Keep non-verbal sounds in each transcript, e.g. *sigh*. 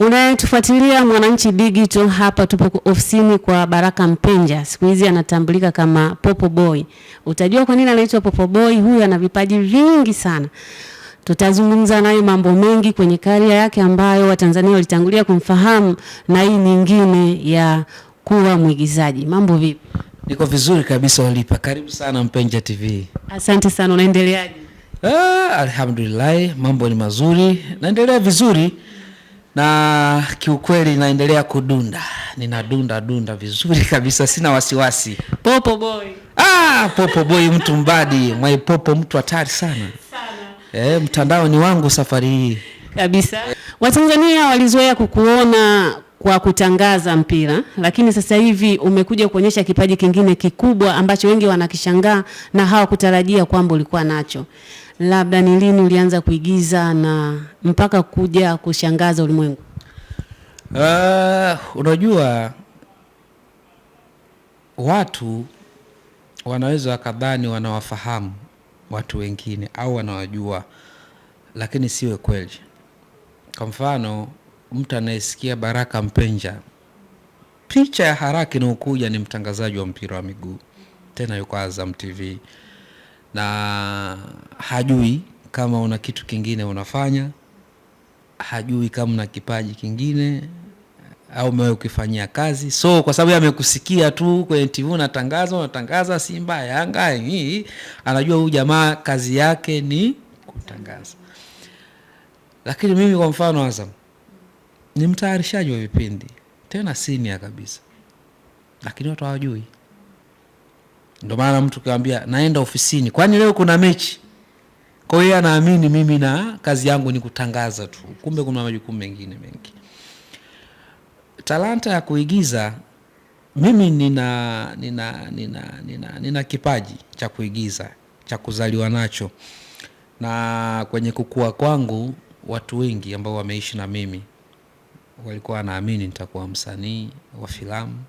Unayetufuatilia Mwananchi Digital, hapa tupo ofisini kwa Baraka Mpenja, siku hizi anatambulika kama Popo Boy. Utajua kwa nini anaitwa Popo Boy. Huyu ana vipaji vingi sana, tutazungumza naye mambo mengi kwenye karia yake ambayo Watanzania walitangulia kumfahamu na hii nyingine ya kuwa mwigizaji. Mambo vipi? Niko vizuri kabisa walipa. Karibu sana Mpenja TV. Asante sana, unaendeleaje? Ah, alhamdulillah, mambo ni mazuri, naendelea vizuri na kiukweli naendelea kudunda, ninadunda dunda vizuri *laughs* kabisa, sina wasiwasi. Popo boy, ah, popo boy, mtu mbadi mwaipopo, mtu hatari sana, sana. E, mtandao ni wangu safari hii kabisa. Watanzania walizoea kukuona kwa kutangaza mpira, lakini sasa hivi umekuja kuonyesha kipaji kingine kikubwa ambacho wengi wanakishangaa na hawakutarajia kwamba ulikuwa nacho labda ni lini ulianza kuigiza na mpaka kuja kushangaza ulimwengu? Uh, unajua watu wanaweza wakadhani wanawafahamu watu wengine au wanawajua, lakini siwe kweli. Kwa mfano, mtu anayesikia Baraka Mpenja, picha ya haraka inayokuja ni mtangazaji wa mpira wa miguu, tena yuko Azam TV na hajui kama una kitu kingine unafanya, hajui kama una kipaji kingine au umewahi ukifanyia kazi. So kwa sababu amekusikia tu kwenye TV unatangaza unatangaza Simba, Yanga, hii anajua huyu jamaa kazi yake ni kutangaza. Lakini mimi kwa mfano, Azam ni mtayarishaji wa vipindi tena senior kabisa, lakini watu hawajui ndio maana mtu kaambia naenda ofisini, kwani leo kuna mechi? Kwa hiyo anaamini mimi na kazi yangu ni kutangaza tu, kumbe kuna majukumu mengine mengi. Talanta ya kuigiza mimi nina, nina, nina, nina, nina kipaji cha kuigiza cha kuzaliwa nacho, na kwenye kukua kwangu watu wengi ambao wameishi na mimi walikuwa wanaamini nitakuwa msanii wa filamu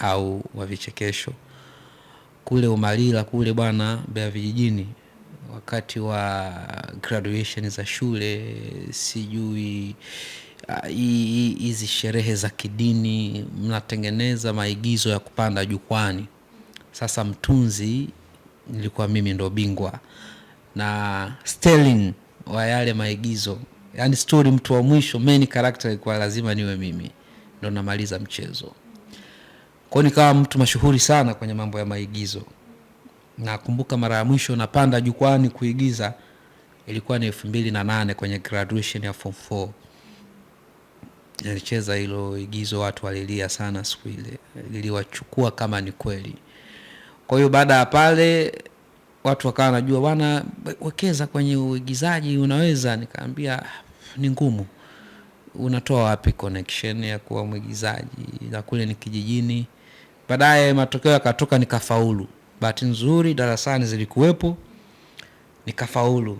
au wa vichekesho kule Umalila kule bwana Mbeya vijijini, wakati wa graduation za shule, sijui ah, hizi sherehe za kidini, mnatengeneza maigizo ya kupanda jukwani. Sasa mtunzi nilikuwa mimi ndo bingwa na Sterling wa yale maigizo, yani stori mtu wa mwisho, main character ilikuwa lazima niwe mimi ndo namaliza mchezo. Kwao nikawa mtu mashuhuri sana kwenye mambo ya maigizo. Nakumbuka mara ya mwisho napanda jukwani kuigiza ilikuwa ni elfu mbili na nane kwenye graduation ya form four. Nilicheza hilo igizo, watu walilia sana siku ile, liliwachukua kama ni kweli. Kwa hiyo baada ya pale watu wakawa wanajua, bwana, wekeza kwenye uigizaji unaweza. Nikaambia ni ngumu, unatoa wapi connection ya kuwa mwigizaji? Na kule ni kijijini Baadaye matokeo yakatoka, nikafaulu. Bahati nzuri darasani zilikuwepo, nikafaulu.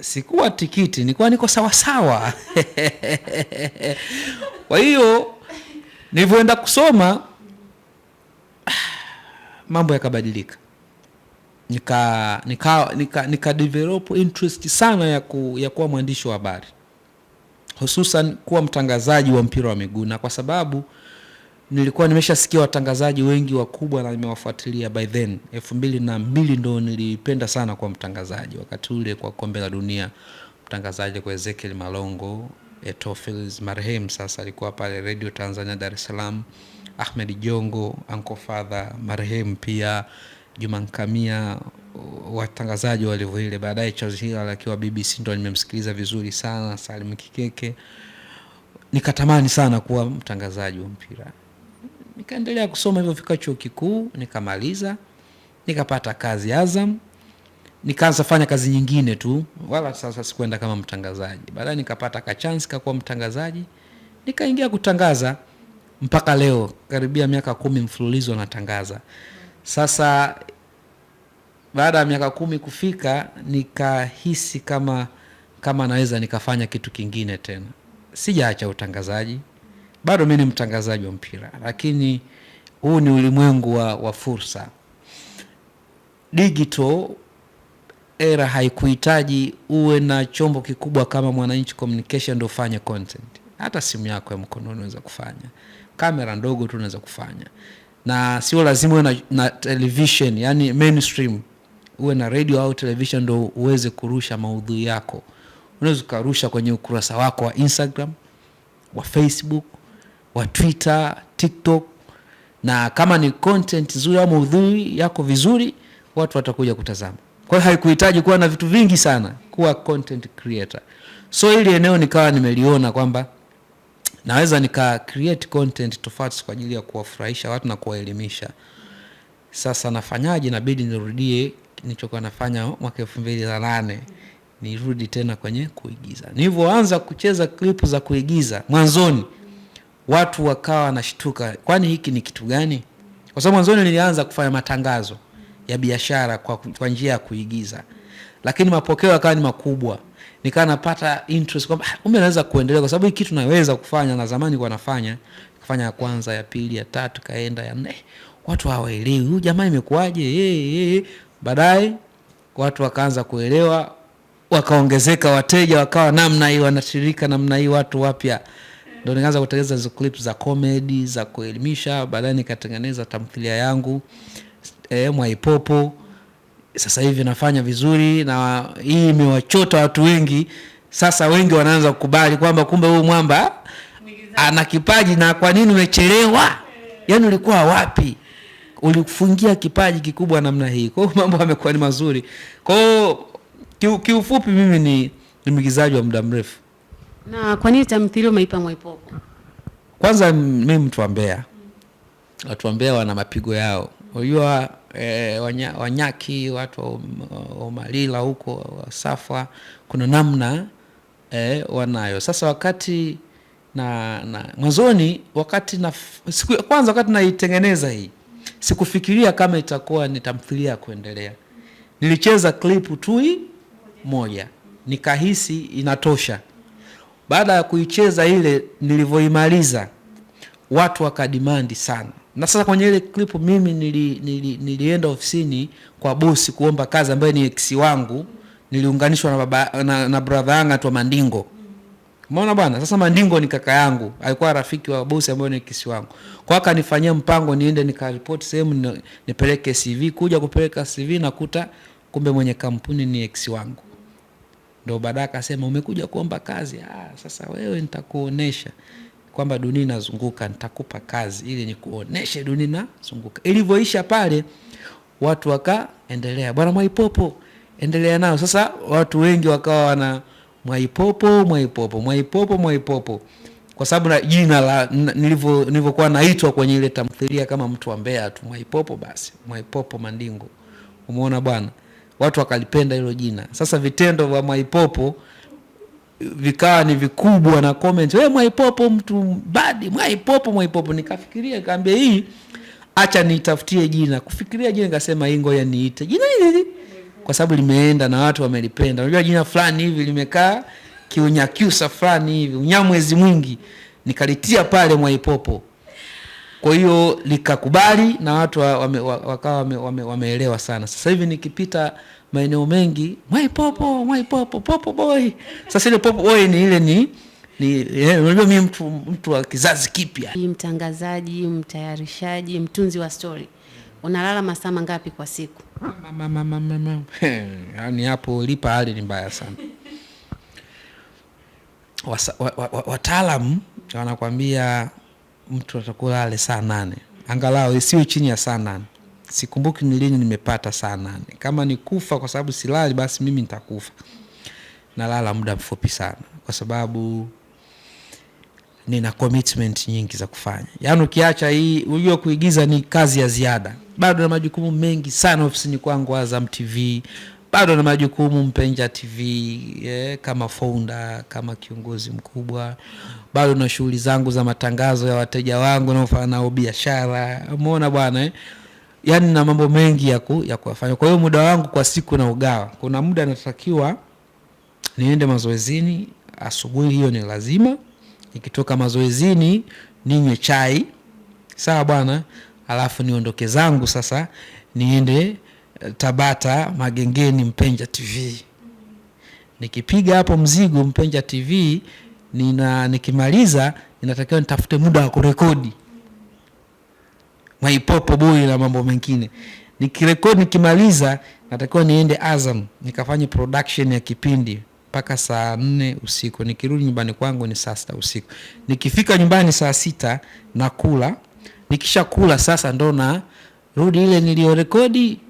Sikuwa tikiti, nilikuwa niko sawasawa. *laughs* Kwa hiyo nilivyoenda kusoma mambo yakabadilika, nika nika nika nika develop interest sana ya, ku, ya kuwa mwandishi wa habari, hususan kuwa mtangazaji wa mpira wa miguu, na kwa sababu nilikuwa nimeshasikia watangazaji wengi wakubwa na nimewafuatilia by then. elfu mbili na mbili ndo nilipenda sana kwa mtangazaji wakati ule, kwa kombe la dunia mtangazaji kwa Ezekiel Malongo, Etofilis marehemu sasa alikuwa pale Radio Tanzania Dar es Salaam, Ahmed Jongo, ankofadha marhem pia, jumankamia watangazaji walivyo Baadaye Charles Hilal akiwa BBC ndo nimemsikiliza vizuri sana, Salim Kikeke, nikatamani sana kuwa mtangazaji wa mpira. Nikaendelea kusoma hivyo fika chuo kikuu nikamaliza, nikapata kazi Azam, nikaanza fanya kazi nyingine tu, wala sasa sikuenda kama mtangazaji. Baadaye nikapata kachansi kakuwa mtangazaji, nikaingia kutangaza mpaka leo, karibia miaka kumi mfululizo natangaza. Sasa baada ya miaka kumi kufika, nikahisi kama kama naweza nikafanya kitu kingine tena. Sijaacha utangazaji bado mi ni mtangazaji wa mpira, lakini huu ni ulimwengu wa, wa fursa digital era haikuhitaji uwe na chombo kikubwa kama Mwananchi Communication ndio ufanye content. Hata simu yako ya mkononi unaweza kufanya, kamera ndogo tu unaweza kufanya, na sio lazima uwe na, na television yani mainstream, uwe na radio au television ndio uweze kurusha maudhui yako. Unaweza ukarusha kwenye ukurasa wako wa Instagram, wa Facebook wa Twitter, TikTok, na kama ni content nzuri au maudhui yako vizuri, watu watakuja kutazama. Kwa hiyo haikuhitaji kuwa na vitu vingi sana kuwa content creator. So hili eneo nikawa nimeliona kwamba naweza nika create content tofauti kwa ajili ya kuwafurahisha watu na kuwaelimisha. Sasa nafanyaje? Inabidi nirudie nilichokuwa nafanya mwaka elfu mbili na nane nirudi tena kwenye kuigiza. Nilivyoanza kucheza klipu za kuigiza mwanzoni watu wakawa wanashtuka, kwani hiki ni kitu gani? Kwa sababu mwanzoni nilianza kufanya matangazo ya biashara kwa, kwa njia ya kuigiza, lakini mapokeo yakawa ni makubwa, nikawa napata interest kwamba ah, kumbe naweza kuendelea, kwa sababu hii kitu naweza kufanya, na zamani kwa nafanya kafanya ya kwanza, ya pili, ya tatu, kaenda ya nne, watu hawaelewi huyu jamaa imekuwaje? hey, hey. Baadaye watu wakaanza kuelewa, wakaongezeka wateja, wakawa namna hii, wanashirika namna hii, watu wapya ndo nikaanza kutengeneza hizo clip za comedy za kuelimisha. Baadaye nikatengeneza tamthilia yangu e, eh, Mwaipopo. Sasa hivi nafanya vizuri, na hii imewachota watu wengi. Sasa wengi wanaanza kukubali kwamba kumbe huyu mwamba ana kipaji, na kwa nini umechelewa? Yaani ulikuwa wapi? Ulifungia kipaji kikubwa namna hii. Kwa mambo yamekuwa ni mazuri. Kwa hiyo kiufupi, mimi ni, ni mwigizaji wa muda mrefu. Na kwa nini tamthilia umeipa Mwaipopo? Kwanza mimi mtu wa Mbeya, watu wa Mbeya wana mapigo yao. Unajua e, wanya, Wanyaki, watu wa Umalila huko Wasafwa, kuna namna e, wanayo. Sasa wakati na, na mwanzoni, wakati na siku ya kwanza, wakati naitengeneza hii, sikufikiria kama itakuwa ni tamthilia ya kuendelea. Nilicheza klipu tu moja, nikahisi inatosha baada ya kuicheza ile, nilivyoimaliza watu wakadimandi sana, na sasa kwenye ile clip mimi nili, nili, nilienda ofisini kwa bosi kuomba kazi, ambayo ni ex wangu, niliunganishwa na baba na, na brother yangu atwa Mandingo. Umeona bwana, sasa Mandingo ni kaka yangu, alikuwa rafiki wa bosi ambaye ni kisi wangu. Kwa akanifanyia mpango niende nikaripoti sehemu nipeleke CV. Kuja kupeleka CV nakuta kumbe mwenye kampuni ni ex wangu. Ndo baadaye akasema umekuja kuomba kazi. Ah, sasa wewe nitakuonesha kwamba dunia inazunguka, nitakupa kazi ili nikuoneshe dunia inazunguka. Ilivyoisha pale, watu wakaendelea, bwana Mwaipopo endelea nao. Sasa watu wengi wakawa wana Mwaipopo, Mwaipopo, Mwaipopo, Mwaipopo kwa sababu na jina la nilivyokuwa naitwa kwenye ile tamthilia kama mtu wa mbea tu, Mwaipopo. Basi Mwaipopo Mandingo, umeona bwana watu wakalipenda hilo jina. Sasa vitendo vya Mwaipopo vikawa ni vikubwa na comment, wewe Mwaipopo mtu badi, Mwaipopo, Mwaipopo. Nikafikiria nikaambia hii, acha nitafutie jina. Kufikiria jina, nikasema hii, ngoja niite jina hili, kwa sababu limeenda na watu wamelipenda. Unajua jina fulani hivi limekaa kiunyakyusa fulani hivi, unyamwezi mwingi, nikalitia pale Mwaipopo. Kwa hiyo likakubali na watu wakawa wame, wame, wameelewa sana. Sasa hivi nikipita maeneo mengi popo mwai popo popo boy. Sasa ile popo boy ni ile ni eh, unajua mimi mtu, mtu wa kizazi kipya. Mtangazaji, mtayarishaji, mtunzi wa stori, unalala masaa mangapi kwa siku? *laughs* yani hapo lipa hali ni mbaya sana. Wataalamu wanakwambia mtu atakula ale saa nane angalau isiwe chini ya saa nane. Sikumbuki ni lini nimepata saa nane. Kama ni kufa kwa sababu silali, basi mimi nitakufa. Nalala muda mfupi sana, kwa sababu nina commitment nyingi za kufanya. Yaani ukiacha hii, unajua kuigiza ni kazi ya ziada, bado na majukumu mengi sana ofisini kwangu, Azam TV bado na majukumu Mpenja TV yeah, kama founda kama kiongozi mkubwa, bado na shughuli zangu za matangazo ya wateja wangu naofanya nao biashara. Umeona bwana eh? Yaani na mambo mengi ya, ku, ya kuyafanya. Kwa hiyo muda wangu kwa siku na ugawa, kuna muda natakiwa niende mazoezini asubuhi, hiyo ni lazima. Nikitoka mazoezini ninywe chai, sawa bwana, alafu niondoke zangu sasa niende Tabata, Magengeni, Mpenja TV. Nikipiga hapo mzigo Mpenja TV nina, nikimaliza inatakiwa nitafute muda wa kurekodi Mwaipopo Boy na mambo mengine. Nikirekodi nikimaliza, natakiwa niende Azam nikafanye production ya kipindi mpaka saa nne usiku. Nikirudi nyumbani kwangu ni saa sita usiku. Nikifika nyumbani saa sita nakula, nikisha kula sasa ndo narudi ile niliyorekodi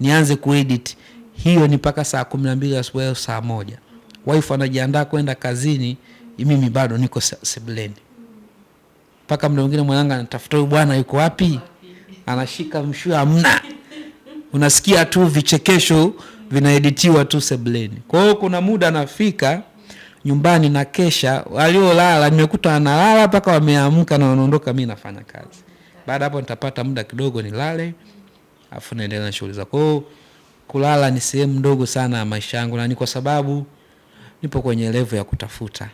nianze kuedit hiyo ni mpaka saa kumi na mbili asubuhi au saa moja wife anajiandaa kwenda kazini, mimi bado niko sebuleni mpaka mda mwingine mwanangu anatafuta huyu bwana yuko wapi, anashika mshua, amna, unasikia tu vichekesho vinaeditiwa tu sebuleni. Kwa hiyo kuna muda anafika nyumbani na kesha, waliolala nimekuta wanalala mpaka wameamka na wanaondoka, mi nafanya kazi. Baada hapo nitapata muda kidogo nilale afu naendelea na shughuli za kwao. kulala ni sehemu ndogo sana ya maisha yangu, na ni kwa sababu nipo kwenye level ya kutafuta,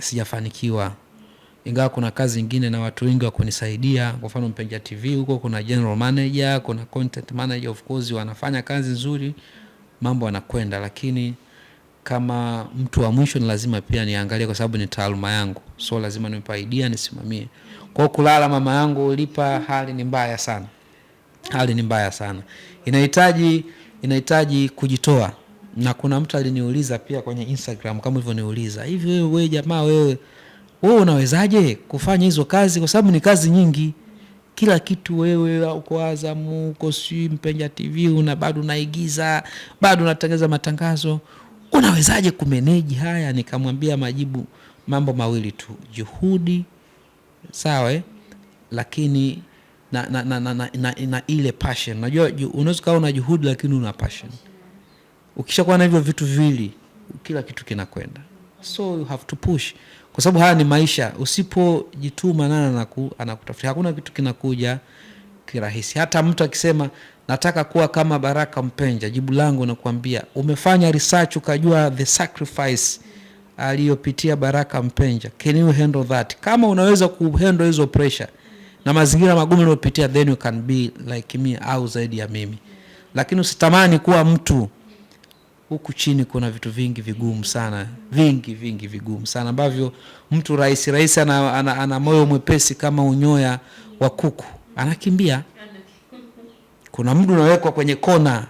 sijafanikiwa ingawa kuna kazi nyingine na watu wengi wa kunisaidia. Kwa mfano Mpenja TV huko kuna general manager, kuna content manager, of course wanafanya kazi nzuri, mambo yanakwenda, lakini kama mtu wa mwisho ni lazima pia niangalie, kwa sababu ni taaluma yangu, so lazima nimpa idea, nisimamie. Kwa kulala mama yangu ulipa, hali ni mbaya sana hali ni mbaya sana, inahitaji inahitaji kujitoa. Na kuna mtu aliniuliza pia kwenye Instagram kama ulivyoniuliza hivi, wewe wewe jamaa wewe wewe unawezaje kufanya hizo kazi, kwa sababu ni kazi nyingi, kila kitu wewe, uko Azamu, uko si Mpenja TV, una bado unaigiza bado unatangaza matangazo, unawezaje kumeneji haya? Nikamwambia majibu mambo mawili tu, juhudi sawa, eh? lakini na, na, na, na, na, na na ile passion. Najua unaweza kuwa una juhudi lakini una passion. Ukishakuwa na hivyo vitu viwili, kila kitu kinakwenda, so you have to push, kwa sababu haya ni maisha. Usipojituma nana anaku, anakutafuta? Hakuna kitu kinakuja kirahisi. Hata mtu akisema nataka kuwa kama Baraka Mpenja, jibu langu nakuambia, umefanya research ukajua the sacrifice aliyopitia Baraka Mpenja. Can you handle that? Kama unaweza kuhandle hizo pressure na mazingira magumu unayopitia, then you can be like me au zaidi ya mimi. Lakini usitamani kuwa mtu. Huku chini kuna vitu vingi vigumu sana, vingi vingi vigumu sana ambavyo mtu rahisi rahisi ana, ana, ana moyo mwepesi kama unyoya wa kuku anakimbia. Kuna mdu unawekwa kwenye kona,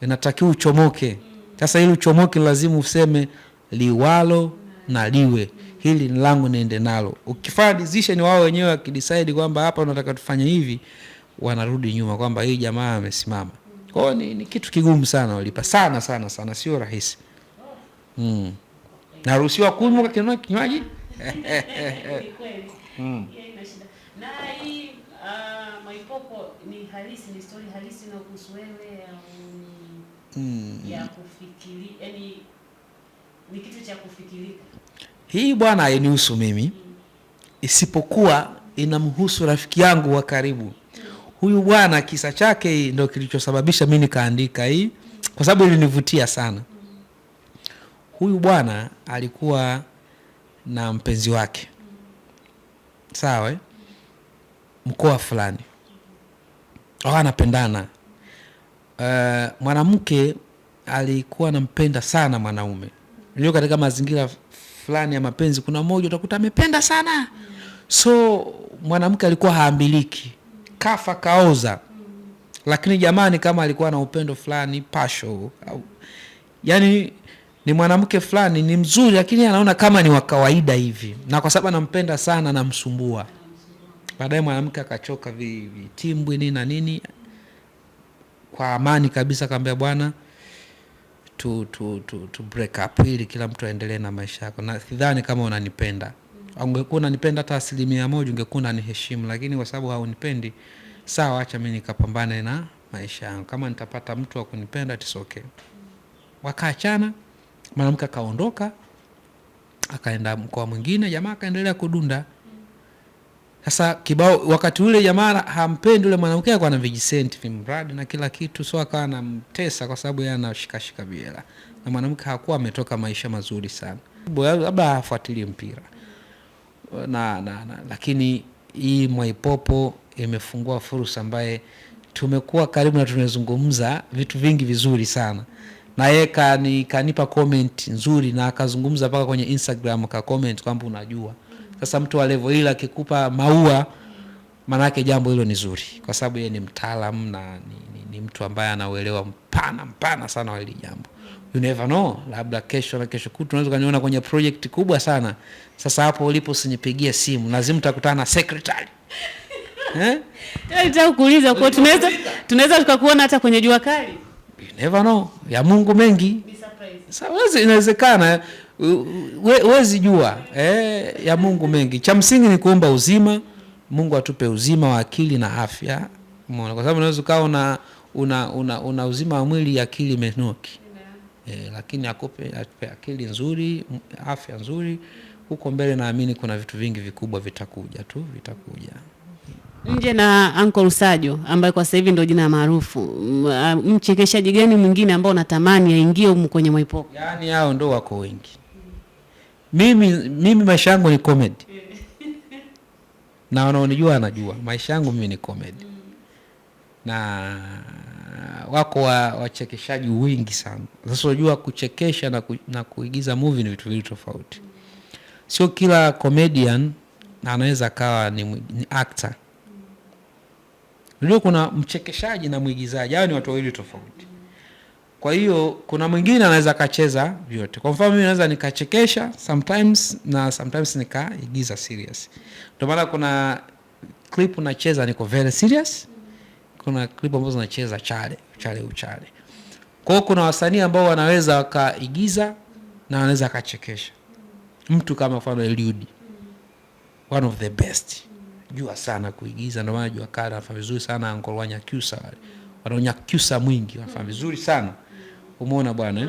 inatakiwa uchomoke. Sasa ili uchomoke, lazima useme liwalo na liwe hili ni langu, niende nalo. Ukifanya decision, wao wenyewe wakidecide kwamba hapa unataka tufanye hivi, wanarudi nyuma kwamba hii jamaa amesimama. Kwa hiyo ni, ni kitu kigumu sana walipa sana sana sana, sio rahisi mm. Naruhusiwa kunywa kinua kinywaji *laughs* Mm. Ya kufikiri, yani, ni kitu cha kufikirika hii bwana hainihusu mimi, isipokuwa inamhusu rafiki yangu wa karibu. Huyu bwana kisa chake ndo kilichosababisha mi nikaandika hii, kwa sababu ilinivutia sana. Huyu bwana alikuwa na mpenzi wake, sawa, mkoa fulani, anapendana. Uh, eh, mwanamke alikuwa anampenda sana mwanaume, ndio katika mazingira fulani ya mapenzi, kuna mmoja utakuta amependa sana, so mwanamke alikuwa haambiliki, kafa kaoza. Lakini jamani, kama alikuwa na upendo fulani pasho, au yani ni mwanamke fulani ni mzuri, lakini anaona kama ni wa kawaida hivi, na kwa sababu anampenda sana, namsumbua. Baadaye mwanamke akachoka vitimbwi nini na nini, kwa amani kabisa akamwambia bwana tu, tu, tu, tu break up ili kila mtu aendelee na maisha yako, na sidhani kama unanipenda. Ungekuwa unanipenda hata asilimia moja, ungekuwa unaniheshimu, lakini kwa sababu haunipendi, sawa, acha mimi nikapambane na maisha yangu. Kama nitapata mtu wa kunipenda tisoke. Wakaachana, mwanamke akaondoka, akaenda mkoa mwingine, jamaa akaendelea kudunda. Sasa kibao wakati ule jamaa hampendi ule mwanamke, alikuwa na vijisenti vimradi na kila kitu, so akawa anamtesa kwa sababu yeye anashikashika biela, na mwanamke hakuwa ametoka maisha mazuri sana, labda hafuatilie mpira na, na, na, lakini hii Mwaipopo imefungua fursa ambaye tumekuwa karibu na tumezungumza vitu vingi vizuri sana na yeye kanipa comment nzuri na akazungumza mpaka kwenye Instagram ka comment kwamba unajua sasa mtu wa level ile akikupa maua, maanake jambo hilo ni zuri, kwa sababu yeye ni mtaalamu na ni, ni, ni mtu ambaye anauelewa mpana mpana sana wa hili jambo. You never know, labda kesho na kesho kutu unaweza kuniona kwenye project kubwa sana. Sasa hapo ulipo usinipigie simu, lazima utakutana na secretary *laughs* eh? Yaani kuuliza kwa tunaweza tunaweza tukakuona hata kwenye jua kali. You never know, ya Mungu mengi. Sasa inawezekana huwezi jua eh, ya Mungu mengi. Cha msingi ni kuomba uzima. Mungu atupe uzima wa akili na afya, umeona, kwa sababu unaweza ukawa una, una, una, una uzima wa mwili, akili imenoki eh, lakini akupe, atupe akili nzuri, afya nzuri. Huko mbele naamini kuna vitu vingi vikubwa vitakuja tu, vitakuja nje na Uncle Sajo ambaye kwa sasa hivi ndio jina maarufu, ah, mchekeshaji gani mwingine ambao unatamani aingie huko kwenye Mwaipopo? Yaani hao ndio wako wengi. Mimi, mimi maisha yangu ni comedy na wanaonijua anajua maisha yangu mimi ni comedy na wako wa, wachekeshaji wingi sana. Sasa unajua kuchekesha na, ku, na kuigiza movie ni vitu vili tofauti sio kila comedian anaweza akawa ni, ni actor. Unajua kuna mchekeshaji na mwigizaji, hao ni watu wawili tofauti. Kwa hiyo kuna mwingine anaweza akacheza vyote. Kwa mfano mimi naweza nikachekesha sometimes na sometimes nikaigiza serious. Ndio maana kuna clip nacheza niko very serious, kuna clip ambazo nacheza chale chale uchale. Kwa hiyo kuna wasanii ambao wanaweza wakaigiza na wanaweza akachekesha. Mtu kama mfano Eliud, one of the best, jua sana kuigiza, ndio maana jua kali anafanya vizuri sana. ankolwanya Wanyakyusa wale wanaonyakyusa mwingi wanafanya vizuri sana. Umeona bwana eh?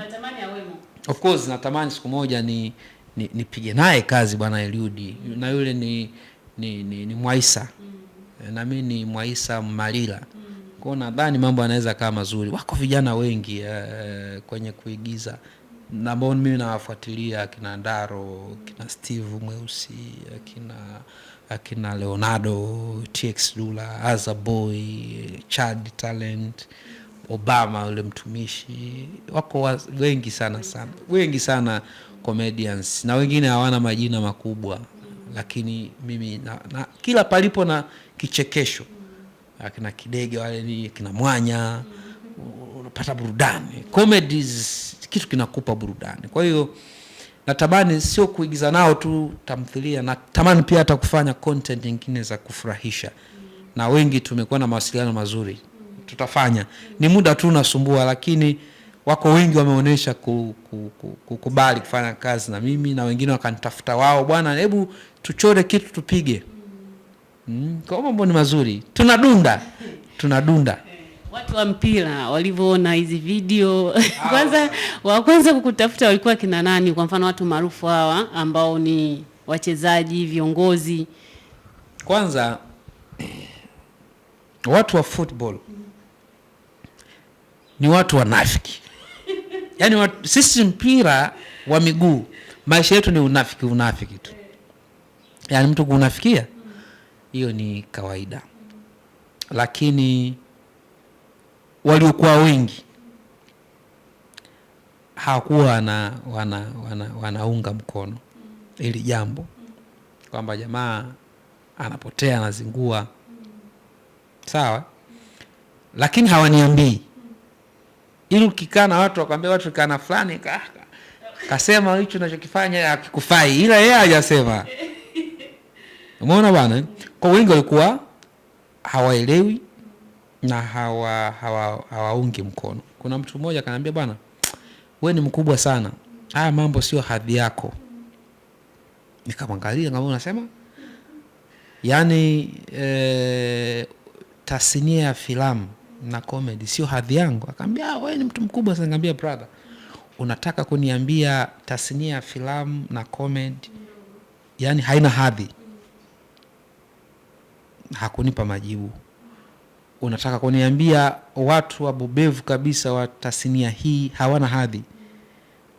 Of course natamani siku moja ni nipige ni naye kazi bwana Eliudi mm. na yule ni ni, ni, ni Mwaisa mm. na mimi ni Mwaisa Malila mm. kwao, nadhani mambo yanaweza kaa mazuri. Wako vijana wengi eh, kwenye kuigiza na mbona mimi nawafuatilia akina Ndaro, akina Steve Mweusi, akina akina Leonardo, TX Dula, Aza Boy, Chad Talent mm. Obama yule mtumishi, wako wengi sana sana, wengi sana comedians, na wengine hawana majina makubwa, lakini mimi na, na kila palipo na kichekesho, akina Kidege wale ni kina Mwanya, unapata burudani. Comedies kitu kinakupa burudani, kwa hiyo natamani sio kuigiza nao tu tamthilia, natamani pia hata kufanya content nyingine za kufurahisha, na wengi tumekuwa na mawasiliano mazuri tutafanya. Ni muda tu unasumbua, lakini wako wengi wameonyesha kukubali kufanya kazi na mimi, na wengine wakanitafuta wao, bwana, hebu tuchore kitu tupige. Mm, kwa mambo ni mazuri, tunadunda tunadunda eh, watu wa mpira walivyoona hizi video ah. *laughs* kwanza, wa kwanza kukutafuta walikuwa kina nani? Kwa mfano watu maarufu hawa ambao ni wachezaji, viongozi. Kwanza *clears throat* watu wa football mm ni watu wanafiki yaani watu, sisi mpira wa miguu maisha yetu ni unafiki unafiki tu yaani mtu kuunafikia hiyo ni kawaida lakini waliokuwa wengi hawakuwa wana, wana, wana, wanaunga mkono hili jambo kwamba jamaa anapotea anazingua sawa lakini hawaniambii ili ukikaa na watu wakwambia watu kana fulani ka, kasema hicho unachokifanya akikufai, ila yeye hajasema. *laughs* Umeona bwana, eh? kwa wengi walikuwa hawaelewi na hawa hawaungi mkono. Kuna mtu mmoja akanaambia bwana, we ni mkubwa sana, haya mambo sio hadhi yako. Nikamwangalia kama unasema yani, e, eh, tasnia ya filamu na comedy sio hadhi yangu. Akaambia ah, wewe ni mtu mkubwa sana. Nikamwambia brother, unataka kuniambia tasnia ya filamu na comedy yani haina hadhi? Hakunipa majibu. Unataka kuniambia watu wabobevu kabisa wa tasnia hii hawana hadhi?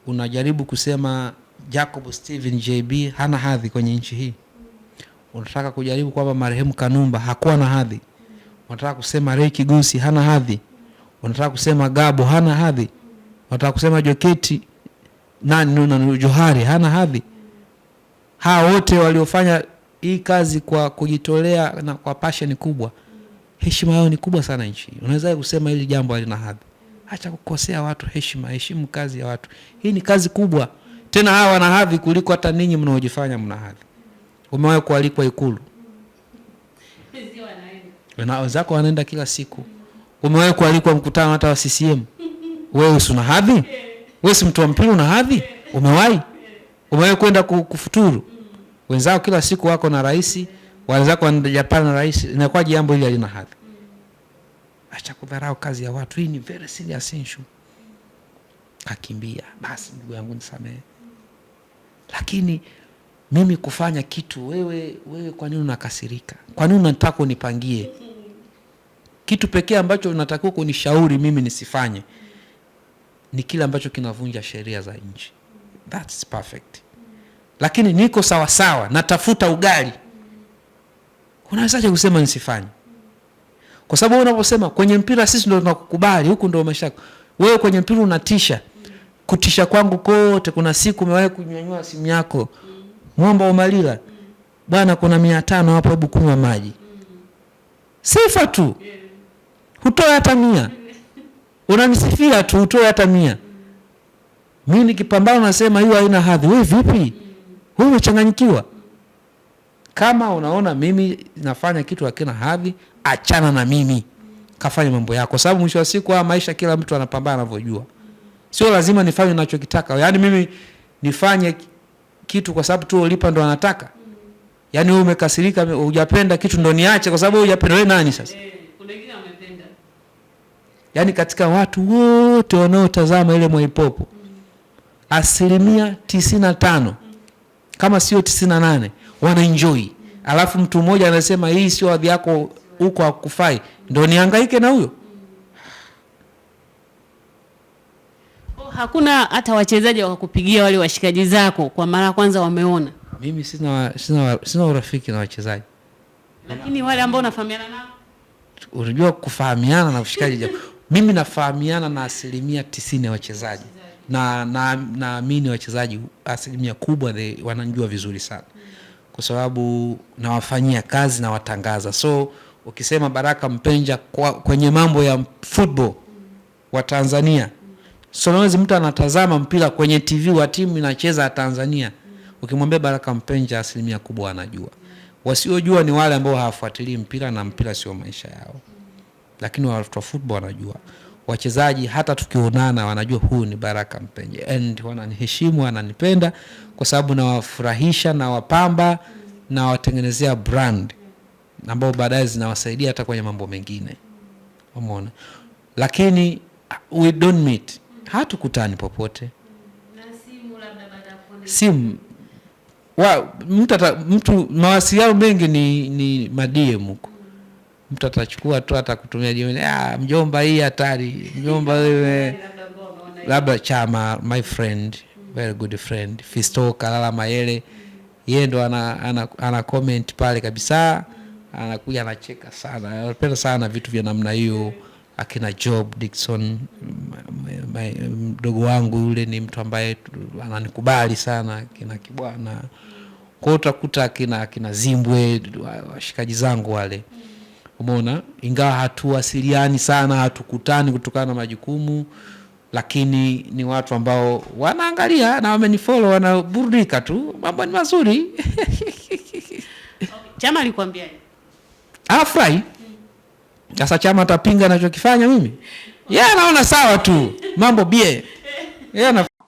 Unajaribu kusema Jacob Steven JB hana hadhi kwenye nchi hii? Unataka kujaribu kwamba marehemu Kanumba hakuwa na hadhi? wanataka kusema Ray Kigosi hana hadhi, wanataka kusema Gabo hana hadhi, wanataka kusema Joketi nani na Johari hana hadhi. Hawa wote waliofanya hii kazi kwa kujitolea na kwa passion kubwa, heshima yao ni kubwa sana nchi. Unaweza kusema hili jambo halina hadhi? Acha kukosea watu heshima, heshimu kazi ya watu. Hii ni kazi kubwa, tena hawa wana hadhi kuliko hata ninyi mnaojifanya mna hadhi. Umewahi kualikwa Ikulu na wenzako wanaenda kila siku. Umewahi kualikwa mkutano hata wa CCM? Wewe usuna hadhi? Wewe si mtu wa mpira, una hadhi? Umewahi umewahi kwenda kufuturu? Wenzao kila siku wako na rais, wenzako wanaenda Japani na rais. Inakuwa jambo hili halina hadhi. Acha kudharau kazi ya watu, hii ni very serious issue. Akimbia basi, ndugu yangu nisamehe, lakini mimi kufanya kitu wewe, wewe kwa nini unakasirika? Kwa nini unataka unipangie? Kitu pekee ambacho unatakiwa kunishauri mimi nisifanye ni kile ambacho kinavunja sheria za nchi. That's perfect. Lakini niko sawasawa, natafuta ugali, unawezaje kusema nisifanye? Kwa sababu unaposema kwenye mpira sisi ndo tunakukubali huku, ndo umesha wewe kwenye mpira unatisha. Kutisha kwangu kote, kuna siku umewahi kunyanyua simu yako, mwomba Umalila, bwana, kuna mia tano hapo, hebu kunywa maji. Sifa tu hutoe hata mia, unanisifia tu, hutoe hata mia. Mi nikipambana nasema hiyo haina hadhi. Wewe vipi? Wewe umechanganyikiwa. Kama unaona mimi nafanya kitu hakina hadhi, achana na mimi, kafanya mambo yako, kwa sababu mwisho wa siku haya maisha, kila mtu anapambana anavyojua. Sio lazima nifanye ninachokitaka, yaani mimi nifanye kitu kwa sababu tu ulipa ndo anataka. Yaani wewe umekasirika, hujapenda kitu ndo niache, kwa sababu hujapenda. Wewe nani sasa? Eh, kuna wengine yaani katika watu wote wanaotazama ile Mwaipopo asilimia tisini na tano kama sio tisini na nane wanaenjoi, alafu mtu mmoja anasema hii sio adhi yako, huko hakufai, ndo niangaike na huyo. Oh, hakuna hata wachezaji wakakupigia wale washikaji zako kwa mara ya kwanza wameona? Mimi sina, sina, sina urafiki na wachezaji, lakini wale ambao unafahamiana nao, unajua kufahamiana na washikaji mimi nafahamiana na asilimia tisini ya wachezaji na naamini na wachezaji asilimia kubwa the, wananjua vizuri sana kwa sababu nawafanyia kazi na watangaza. So ukisema Baraka Mpenja kwa, kwenye mambo ya football wa Tanzania, so nawezi mtu anatazama mpira kwenye TV wa timu inacheza ya Tanzania, ukimwambia Baraka Mpenja asilimia kubwa wanajua. Wasiojua ni wale ambao hawafuatilii mpira na mpira sio maisha yao lakini watu wa football wanajua wachezaji hata tukionana wanajua huyu ni Baraka Mpenje and wananiheshimu, wananipenda kwa sababu nawafurahisha, nawapamba, nawatengenezea brand ambao baadaye zinawasaidia hata kwenye mambo mengine, umeona. Lakini we don't meet, hatukutani popote, simu wa mtu mtu, mawasiliano mengi ni, ni madm huko mtu atachukua tu atakutumia jioni, ah, mjomba, hii hatari, mjomba wewe labda chama, my friend, very good friend Fisto Kalala Mayele, yeye ndo ana, ana, ana comment pale kabisa, anakuja anacheka sana, anapenda sana vitu vya namna hiyo akina Job Dickson, mdogo wangu yule ni mtu ambaye ananikubali sana, akina Kibwana kwao utakuta akina akina Zimbwe, washikaji zangu wale Umeona, ingawa hatuwasiliani sana, hatukutani kutokana na majukumu, lakini ni watu ambao wanaangalia na wamenifollow, wanaburudika tu, mambo ni mazuri. *laughs* Chama alikwambia afurahi sasa, Chama atapinga anachokifanya mimi? Yeye anaona sawa tu, mambo bie, yeye ana